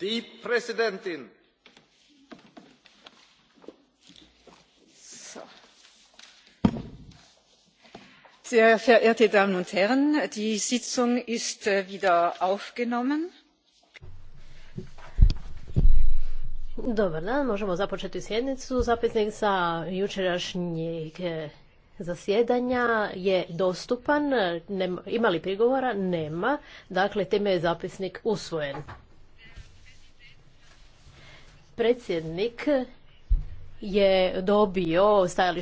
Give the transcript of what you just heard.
die präsidentin! sehr verehrte damen und herren! die sitzung ist äh, wieder aufgenommen. možemo započeti sjednicu. zapisnik sa jučerašnjeg e, zasjedanja je dostupan. ima li prigovora? nema. dakle time je zapisnik usvojen predsjednik je dobio stajali